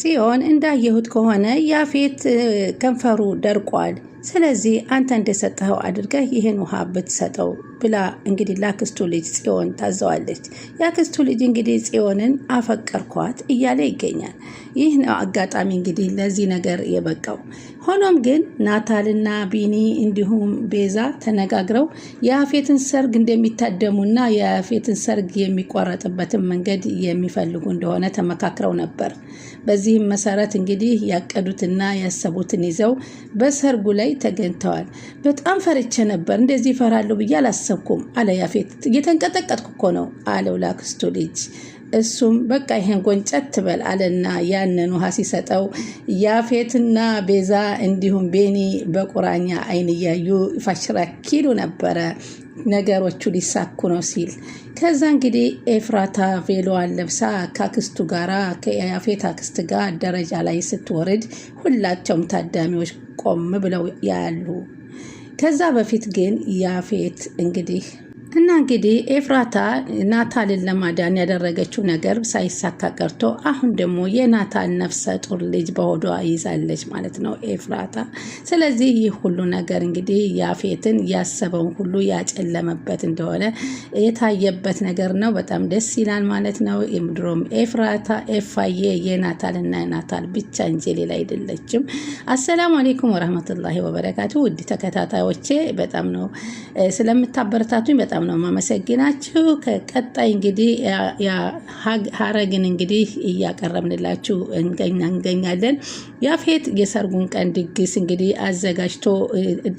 ሲሆን እንዳየሁት ከሆነ ያፌት ከንፈሩ ደርቋል። ስለዚህ አንተ እንደሰጠኸው አድርገህ ይህን ውሃ ብትሰጠው ብላ እንግዲህ ላክስቱ ልጅ ጽዮን ታዘዋለች። ያክስቱ ልጅ እንግዲህ ጽዮንን አፈቀርኳት እያለ ይገኛል። ይህ ነው አጋጣሚ እንግዲህ ለዚህ ነገር የበቃው። ሆኖም ግን ናታልና ቢኒ እንዲሁም ቤዛ ተነጋግረው የአፌትን ሰርግ እንደሚታደሙና የአፌትን ሰርግ የሚቋረጥበትን መንገድ የሚፈልጉ እንደሆነ ተመካክረው ነበር። በዚህም መሰረት እንግዲህ ያቀዱትና ያሰቡትን ይዘው በሰርጉ ላይ ተገኝተዋል። በጣም ፈርቼ ነበር፣ እንደዚህ እፈራለሁ ብዬ አላሰብኩም አለ ያፌት። እየተንቀጠቀጥኩ እኮ ነው አለው ላክስቱ ልጅ እሱም በቃ ይሄን ጎንጨት ትበል አለና ያንን ውሃ ሲሰጠው ያፌትና ቤዛ እንዲሁም ቤኒ በቁራኛ አይን እያዩ ፋሽራኪሉ ነበረ ነገሮቹ ሊሳኩ ነው ሲል ከዛ እንግዲህ ኤፍራታ ቬሎዋን ለብሳ ከአክስቱ ጋራ ከያፌት አክስት ጋር ደረጃ ላይ ስትወርድ ሁላቸውም ታዳሚዎች ቆም ብለው ያሉ። ከዛ በፊት ግን ያፌት እንግዲህ እና እንግዲህ ኤፍራታ ናታልን ለማዳን ያደረገችው ነገር ሳይሳካ ቀርቶ አሁን ደግሞ የናታል ነፍሰ ጡር ልጅ በሆዷ ይዛለች ማለት ነው ኤፍራታ። ስለዚህ ይህ ሁሉ ነገር እንግዲህ ያፌትን ያሰበውን ሁሉ ያጨለመበት እንደሆነ የታየበት ነገር ነው። በጣም ደስ ይላል ማለት ነው። ድሮም ኤፍራታ ኤፋዬ የናታል እና ናታል ብቻ እንጂ ሌላ አይደለችም። አሰላሙ አሌይኩም ወረህመቱላሂ ወበረካቱ። ውድ ተከታታዮቼ በጣም ነው ስለምታበረታቱኝ በጣም በጣም ነው ማመሰግናችሁ። ከቀጣይ እንግዲህ ሀረግን እንግዲህ እያቀረብንላችሁ እንገኛለን። ያፌት የሰርጉን ቀን ድግስ እንግዲህ አዘጋጅቶ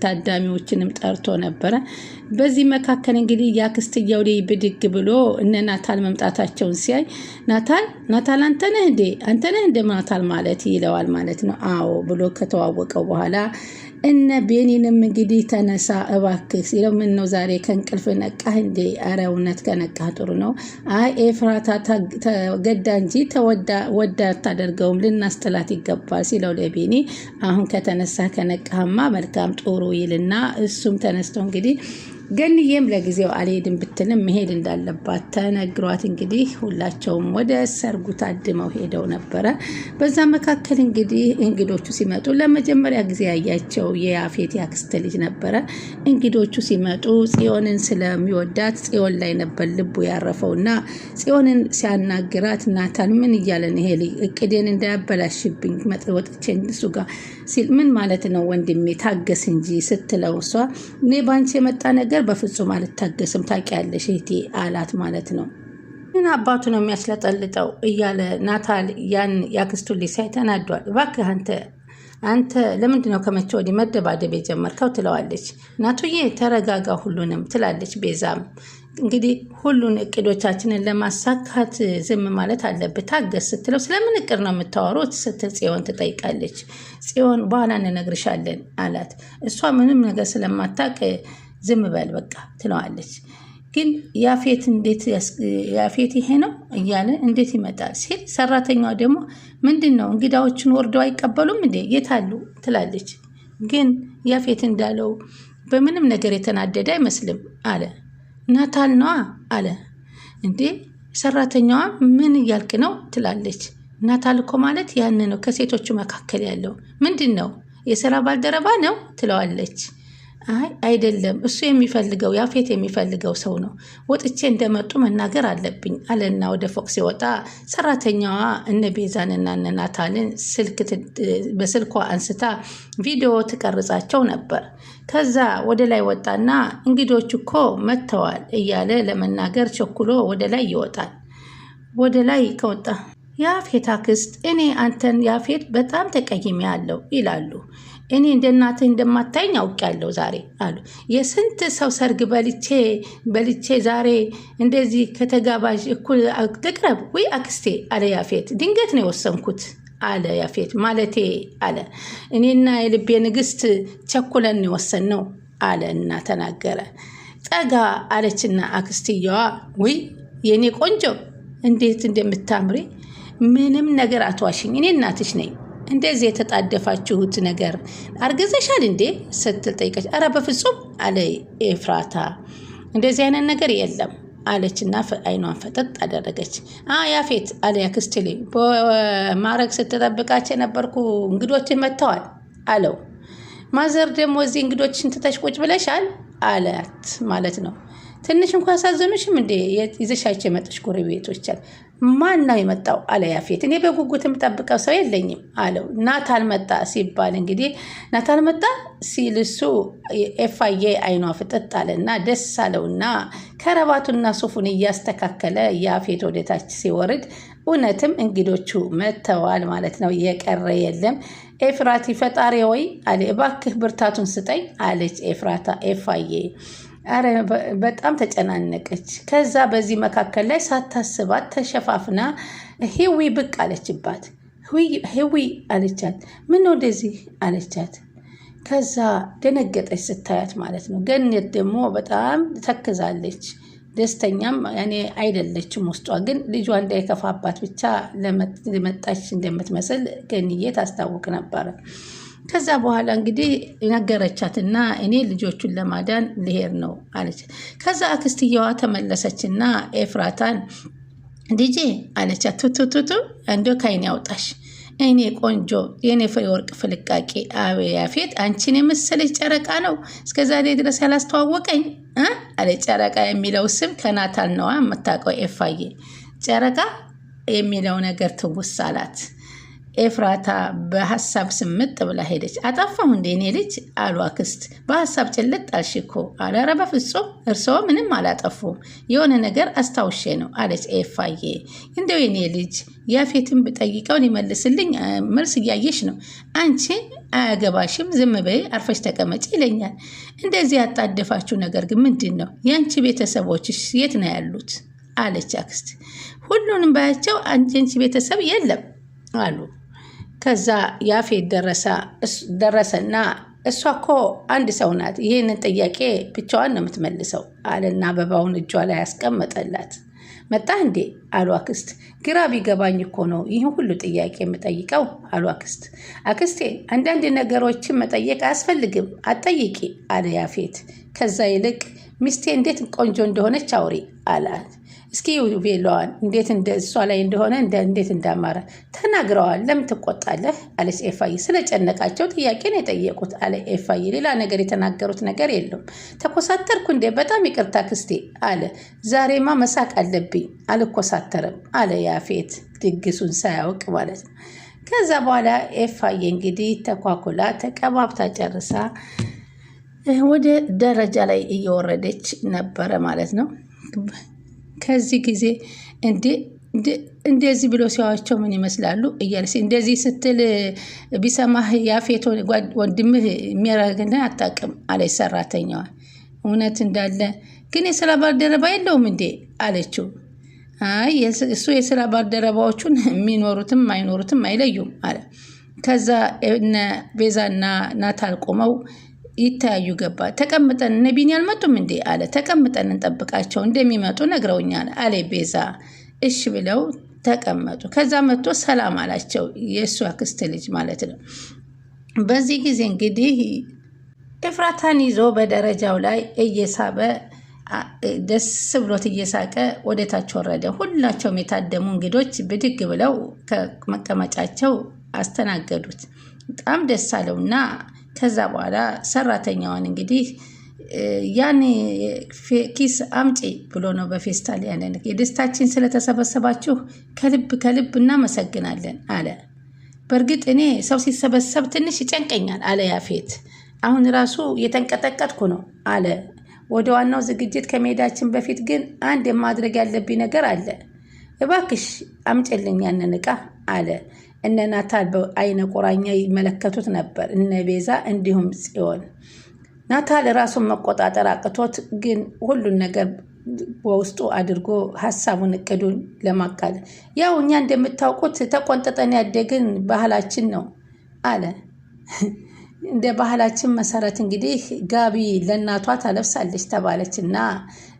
ታዳሚዎችንም ጠርቶ ነበረ። በዚህ መካከል እንግዲህ ያክስትያው ላይ ብድግ ብሎ እነ ናታል መምጣታቸውን ሲያይ ናታል ናታል አንተነህ እንዴ አንተነህ እንደ ናታል ማለት ይለዋል ማለት ነው። አዎ ብሎ ከተዋወቀው በኋላ እነ ቤኒንም እንግዲህ ተነሳ እባክህ ሲለው፣ ምን ነው ዛሬ ከእንቅልፍ ነቃህ እንዴ? ኧረ እውነት ከነቃህ ጥሩ ነው። አይ ኤፍራታ ተገዳ እንጂ ተወዳ ወዳ አታደርገውም ልናስጥላት ይገባል ሲለው ለቤኒ አሁን ከተነሳ ከነቃህማ መልካም ጥሩ ይልና እሱም ተነስቶ እንግዲህ ገንዬም ለጊዜው አልሄድም ብትልም መሄድ እንዳለባት ተነግሯት እንግዲህ ሁላቸውም ወደ ሰርጉ ታድመው ሄደው ነበረ። በዛ መካከል እንግዲህ እንግዶቹ ሲመጡ ለመጀመሪያ ጊዜ ያያቸው የአፌት ያክስት ልጅ ነበረ። እንግዶቹ ሲመጡ ጽዮንን ስለሚወዳት ጽዮን ላይ ነበር ልቡ ያረፈው ያረፈውና ጽዮንን ሲያናግራት ናታን ምን እያለን ይሄ ልጅ እቅዴን እንዳያበላሽብኝ መጥወጥቼ እሱ ጋር ሲል ምን ማለት ነው ወንድሜ ታገስ እንጂ ስትለው እሷ እኔ ባንቺ የመጣ ነገር በፍጹም አልታገስም ታውቂያለሽ እህቴ አላት ማለት ነው። ምን አባቱ ነው የሚያስለጠልጠው እያለ ናታል ያን ያክስቱን ልጅ ሳይ ተናዷል። እባክህ አንተ አንተ ለምንድን ነው ከመቼ ወዲህ መደባደብ የጀመርከው? ትለዋለች። እናቱዬ ተረጋጋ ሁሉንም ትላለች። ቤዛም እንግዲህ ሁሉን እቅዶቻችንን ለማሳካት ዝም ማለት አለብህ፣ ታገስ ስትለው ስለምን እቅድ ነው የምታወሩት ስትል ጽዮን ትጠይቃለች። ጽዮን በኋላ እንነግርሻለን አላት። እሷ ምንም ነገር ስለማታቅ ዝም በል በቃ ትለዋለች። ግን ያፌት እንዴት ያፌት ይሄ ነው እያለ እንዴት ይመጣል ሲል ሰራተኛዋ ደግሞ ምንድን ነው እንግዳዎችን ወርደው አይቀበሉም እንዴ የታሉ ትላለች። ግን ያፌት እንዳለው በምንም ነገር የተናደደ አይመስልም አለ ናታል ነዋ አለ። እንዴ ሰራተኛዋ ምን እያልክ ነው ትላለች። ናታል እኮ ማለት ያን ነው፣ ከሴቶቹ መካከል ያለው ምንድን ነው የስራ ባልደረባ ነው ትለዋለች። አይ አይደለም፣ እሱ የሚፈልገው ያፌት የሚፈልገው ሰው ነው። ወጥቼ እንደመጡ መናገር አለብኝ አለና ወደ ፎቅ ሲወጣ ሰራተኛዋ እነ ቤዛንና እነ ናታንን በስልኳ አንስታ ቪዲዮ ትቀርጻቸው ነበር። ከዛ ወደ ላይ ወጣና እንግዶች እኮ መጥተዋል እያለ ለመናገር ቸኩሎ ወደ ላይ ይወጣል። ወደ ላይ ከወጣ ያፌት አክስት፣ እኔ አንተን ያፌት በጣም ተቀይሜ አለው ይላሉ እኔ እንደ እናትህ እንደማታይኝ አውቄያለሁ ዛሬ አሉ። የስንት ሰው ሰርግ በልቼ በልቼ ዛሬ እንደዚህ ከተጋባዥ እኩል ልቅረብ ወይ አክስቴ አለ ያፌት። ድንገት ነው የወሰንኩት አለ ያፌት። ማለቴ አለ እኔና የልቤ ንግስት ቸኩለን የወሰን ነው አለ እና ተናገረ። ጠጋ አለችና አክስትየዋ ውይ የእኔ ቆንጆ እንዴት እንደምታምሪ ምንም ነገር አትዋሽኝ፣ እኔ እናትሽ ነኝ እንደዚህ የተጣደፋችሁት ነገር አርግዘሻል እንዴ ስትል ጠይቀች። አረ በፍጹም አለ ኤፍራታ። እንደዚህ አይነት ነገር የለም አለችና አይኗን ፈጠጥ አደረገች። ያፌት አለ ያክስቴ ላይ በማድረግ የነበርኩ እንግዶችን መጥተዋል አለው። ማዘር ደግሞ እዚህ እንግዶችን ትተሽ ቁጭ ብለሻል አላት ማለት ነው። ትንሽ እንኳ ያሳዘኑሽም እንዴ ይዘሻቸው የመጡሽ ጎረቤቶች አለ። ማን ነው የመጣው አለ ያፌት። እኔ በጉጉት የምጠብቀው ሰው የለኝም አለው። ናታል መጣ ሲባል እንግዲህ ናታል መጣ ሲል እሱ ኤፋዬ አይኗ ፍጥጥ አለና ደስ አለውና ከረባቱና ሱፉን እያስተካከለ ያፌት ወደታች ሲወርድ እውነትም እንግዶቹ መጥተዋል ማለት ነው። የቀረ የለም። ኤፍራቲ ፈጣሪ ወይ አለ እባክህ ብርታቱን ስጠኝ አለች ኤፍራታ ኤፋዬ አረ በጣም ተጨናነቀች። ከዛ በዚህ መካከል ላይ ሳታስባት ተሸፋፍና ሂዊ ብቅ አለችባት። ሂዊ አለቻት። ምን ወደዚህ አለቻት። ከዛ ደነገጠች ስታያት ማለት ነው። ገነት ደግሞ በጣም ተክዛለች። ደስተኛም ያኔ አይደለችም። ውስጧ ግን ልጇ እንዳይከፋባት ብቻ ለመጣች እንደምትመስል ገንዬ ታስታውቅ ነበረ። ከዛ በኋላ እንግዲህ ነገረቻትና እኔ ልጆቹን ለማዳን ልሄድ ነው አለች። ከዛ አክስትየዋ ተመለሰችና ኤፍራታን ዲጄ አለቻት። ቱቱቱቱ እንዶ ከይን ያውጣሽ እኔ ቆንጆ የኔ ፍልቃቄ ፍልቃቂ አብያፌት አንቺን የመሰለች ጨረቃ ነው እስከዛሬ ድረስ ያላስተዋወቀኝ አለ። ጨረቃ የሚለው ስም ከናታል ነዋ የምታውቀው ኤፋዬ ጨረቃ የሚለው ነገር ትውስ አላት። ኤፍራታ በሀሳብ ስምጥ ብላ ሄደች። አጠፋሁ እንዴ እኔ ልጅ አሉ አክስት። በሀሳብ ጭልጥ አልሽ እኮ አለ። ኧረ በፍጹም እርስዎ ምንም አላጠፉም፣ የሆነ ነገር አስታውሼ ነው አለች ኤፋዬ። እንደው የኔ ልጅ ያፌትን ብጠይቀው ሊመልስልኝ መልስ እያየሽ ነው። አንቺ አያገባሽም፣ ዝም በይ አርፈሽ ተቀመጭ ይለኛል። እንደዚህ ያጣደፋችሁ ነገር ግን ምንድን ነው? የአንቺ ቤተሰቦችሽ የት ነው ያሉት? አለች አክስት። ሁሉንም ባያቸው አንቺ ቤተሰብ የለም አሉ ከዛ ያፌት ደረሰና እሷ እኮ አንድ ሰው ናት፣ ይህንን ጥያቄ ብቻዋን ነው የምትመልሰው አለና አበባውን እጇ ላይ ያስቀመጠላት። መጣ እንዴ አሉ አክስት። ግራ ቢገባኝ እኮ ነው ይህን ሁሉ ጥያቄ የምጠይቀው አሉ አክስት። አክስቴ አንዳንድ ነገሮችን መጠየቅ አያስፈልግም አትጠይቂ አለ ያፌት። ከዛ ይልቅ ሚስቴ እንዴት ቆንጆ እንደሆነች አውሪ አላት። እስኪ ቬለዋን እንዴት እሷ ላይ እንደሆነ እንዴት እንዳማረ ተናግረዋል። ለምን ትቆጣለህ? አለች ኤፋይ። ስለጨነቃቸው ጥያቄ ነው የጠየቁት አለ ኤፋዬ። ሌላ ነገር የተናገሩት ነገር የለም። ተኮሳተርኩ እንዴ? በጣም ይቅርታ ክስቴ አለ። ዛሬማ መሳቅ አለብኝ አልኮሳተርም አለ ያፌት፣ ድግሱን ሳያውቅ ማለት ነው። ከዛ በኋላ ኤፋዬ እንግዲህ ተኳኩላ ተቀባብታ ጨርሳ ወደ ደረጃ ላይ እየወረደች ነበረ ማለት ነው። ከዚህ ጊዜ እንደዚህ ብሎ ሲያዋቸው ምን ይመስላሉ እያለ እንደዚህ ስትል ቢሰማህ ያፌት ወንድምህ የሚያረግን አታውቅም አለች ሰራተኛዋ። እውነት እንዳለ ግን የስራ ባልደረባ የለውም እንዴ አለችው። አይ እሱ የስራ ባልደረባዎቹን የሚኖሩትም አይኖሩትም አይለዩም አለ። ከዛ እነ ቤዛና ናታል ቆመው ይተያዩ ገባ። ተቀምጠን እነ ቢኒ አልመጡም እንዴ አለ። ተቀምጠን እንጠብቃቸው እንደሚመጡ ነግረውኛል አለ ቤዛ። እሺ ብለው ተቀመጡ። ከዛ መጥቶ ሰላም አላቸው። የእሱ አክስት ልጅ ማለት ነው። በዚህ ጊዜ እንግዲህ ኤፍራታን ይዞ በደረጃው ላይ እየሳበ ደስ ብሎት እየሳቀ ወደ ወረደ። ሁላቸውም የታደሙ እንግዶች ብድግ ብለው ከመቀመጫቸው አስተናገዱት። በጣም ደስ አለውና ከዛ በኋላ ሰራተኛዋን እንግዲህ ያን ኪስ አምጪ ብሎ ነው በፌስታል ያለን የደስታችን ስለተሰበሰባችሁ ከልብ ከልብ እናመሰግናለን አለ። በእርግጥ እኔ ሰው ሲሰበሰብ ትንሽ ይጨንቀኛል አለ ያፌት። አሁን ራሱ የተንቀጠቀጥኩ ነው አለ። ወደ ዋናው ዝግጅት ከመሄዳችን በፊት ግን አንድ የማድረግ ያለብኝ ነገር አለ። እባክሽ አምጭልኝ ያንን አለ። እነ ናታን በአይነ ቁራኛ ይመለከቱት ነበር፣ እነ ቤዛ እንዲሁም ጽዮን። ናታል ራሱን መቆጣጠር አቅቶት፣ ግን ሁሉን ነገር በውስጡ አድርጎ ሀሳቡን እቅዱን ለማቃል ያው እኛ እንደምታውቁት ተቆንጥጠን ያደግን ባህላችን ነው አለ። እንደ ባህላችን መሰረት እንግዲህ ጋቢ ለእናቷ ታለብሳለች ተባለች እና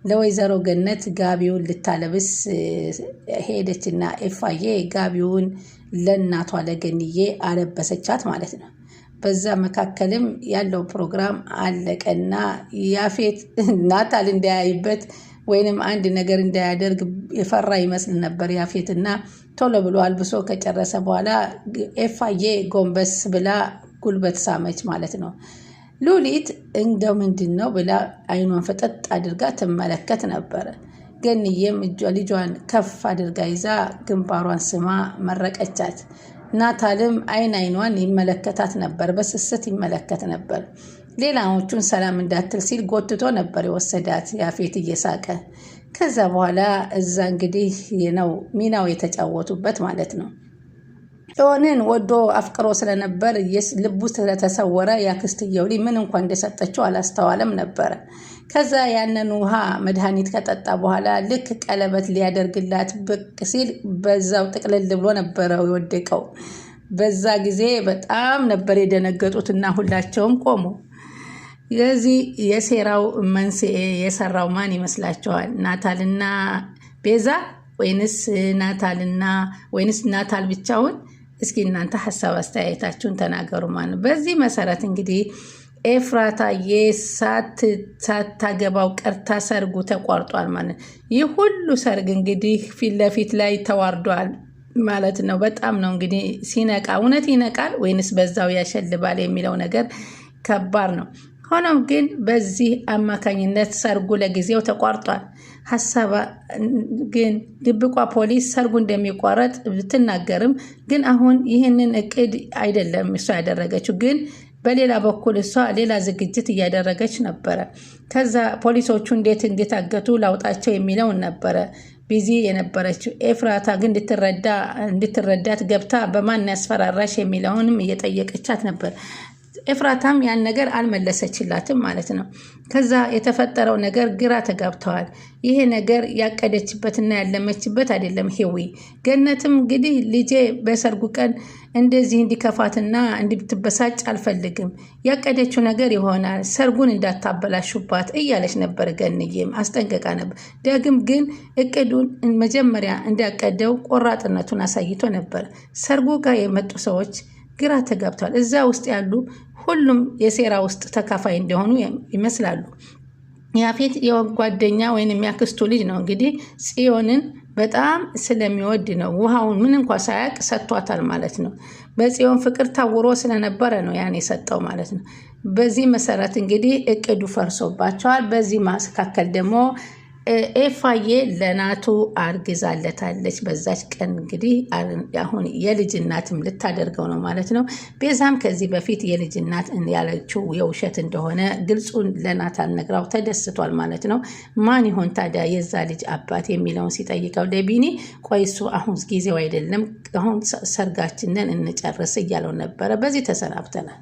ለወይዘሮ ገነት ጋቢውን ልታለብስ ሄደች እና ኤፋዬ ጋቢውን ለእናቷ ለገንዬ አለበሰቻት ማለት ነው። በዛ መካከልም ያለው ፕሮግራም አለቀና ያፌት ናታል እንዳያይበት ወይንም አንድ ነገር እንዳያደርግ የፈራ ይመስል ነበር ያፌት እና ቶሎ ብሎ አልብሶ ከጨረሰ በኋላ ኤፋዬ ጎንበስ ብላ ጉልበት ሳመች ማለት ነው። ሉሊት እንደው ምንድን ነው ብላ አይኗን ፈጠጥ አድርጋ ትመለከት ነበር። ገንዬም ልጇን ከፍ አድርጋ ይዛ ግንባሯን ስማ መረቀቻት። ናታልም አይን አይኗን ይመለከታት ነበር፣ በስስት ይመለከት ነበር። ሌላዎቹን ሰላም እንዳትል ሲል ጎትቶ ነበር የወሰዳት ያፌት እየሳቀ። ከዛ በኋላ እዛ እንግዲህ ነው ሚናው የተጫወቱበት ማለት ነው። ጽዮንን ወዶ አፍቅሮ ስለነበር ልቡ ስለተሰወረ ያክስትየው ልጅ ምን እንኳን እንደሰጠችው አላስተዋለም ነበረ። ከዛ ያንን ውሃ መድኃኒት ከጠጣ በኋላ ልክ ቀለበት ሊያደርግላት ብቅ ሲል በዛው ጥቅልል ብሎ ነበረው የወደቀው። በዛ ጊዜ በጣም ነበር የደነገጡት እና ሁላቸውም ቆሙ። የዚህ የሴራው መንስኤ የሰራው ማን ይመስላችኋል? ናታልና ቤዛ ወይንስ ናታልና ወይንስ ናታል ብቻውን እስኪ እናንተ ሀሳብ አስተያየታችሁን ተናገሩ። ማን ነው በዚህ መሰረት እንግዲህ የሳት ሳታገባው ቀርታ ሰርጉ ተቋርጧል ማለት ይህ ሁሉ ሰርግ እንግዲህ ፊት ለፊት ላይ ተዋርዷል ማለት ነው። በጣም ነው እንግዲህ ሲነቃ እውነት ይነቃል ወይንስ በዛው ያሸልባል የሚለው ነገር ከባድ ነው። ሆኖም ግን በዚህ አማካኝነት ሰርጉ ለጊዜው ተቋርጧል። ሀሳብ ግን ድብቋ ፖሊስ ሰርጉ እንደሚቋረጥ ብትናገርም ግን አሁን ይህንን እቅድ አይደለም እሷ ያደረገችው ግን በሌላ በኩል እሷ ሌላ ዝግጅት እያደረገች ነበረ። ከዛ ፖሊሶቹ እንዴት እንዲታገቱ ላውጣቸው የሚለውን ነበረ ቢዚ የነበረችው። ኤፍራታ ግን እንድትረዳት ገብታ በማን ያስፈራራሽ የሚለውንም እየጠየቀቻት ነበር። ኤፍራታም ያን ነገር አልመለሰችላትም ማለት ነው። ከዛ የተፈጠረው ነገር ግራ ተጋብተዋል። ይሄ ነገር ያቀደችበትና ያለመችበት አይደለም። ሄዊ ገነትም እንግዲህ ልጄ በሰርጉ ቀን እንደዚህ እንዲከፋትና እንድትበሳጭ አልፈልግም፣ ያቀደችው ነገር ይሆናል፣ ሰርጉን እንዳታበላሹባት እያለች ነበር። ገንዬም አስጠንቀቃ ነበር። ዳግም ግን እቅዱን መጀመሪያ እንዳቀደው ቆራጥነቱን አሳይቶ ነበር። ሰርጉ ጋር የመጡ ሰዎች ግራ ተጋብተዋል። እዛ ውስጥ ያሉ ሁሉም የሴራ ውስጥ ተካፋይ እንደሆኑ ይመስላሉ። ያፌት የጓደኛ ወይም የሚያክስቱ ልጅ ነው እንግዲህ ጽዮንን በጣም ስለሚወድ ነው ውሃውን ምን እንኳ ሳያቅ ሰጥቷታል ማለት ነው። በጽዮን ፍቅር ታውሮ ስለነበረ ነው ያን የሰጠው ማለት ነው። በዚህ መሰረት እንግዲህ እቅዱ ፈርሶባቸዋል። በዚህ መካከል ደግሞ ኤፋዬ ለናቱ አርግዛለታለች። በዛች ቀን እንግዲህ አሁን የልጅ እናትም ልታደርገው ነው ማለት ነው። ቤዛም ከዚህ በፊት የልጅ እናት ያለችው የውሸት እንደሆነ ግልጹን ለናት ነግራው ተደስቷል ማለት ነው። ማን ይሆን ታዲያ የዛ ልጅ አባት የሚለውን ሲጠይቀው ለቢኒ ቆይሱ አሁን ጊዜው አይደለም፣ አሁን ሰርጋችንን እንጨርስ እያለው ነበረ። በዚህ ተሰናብተናል።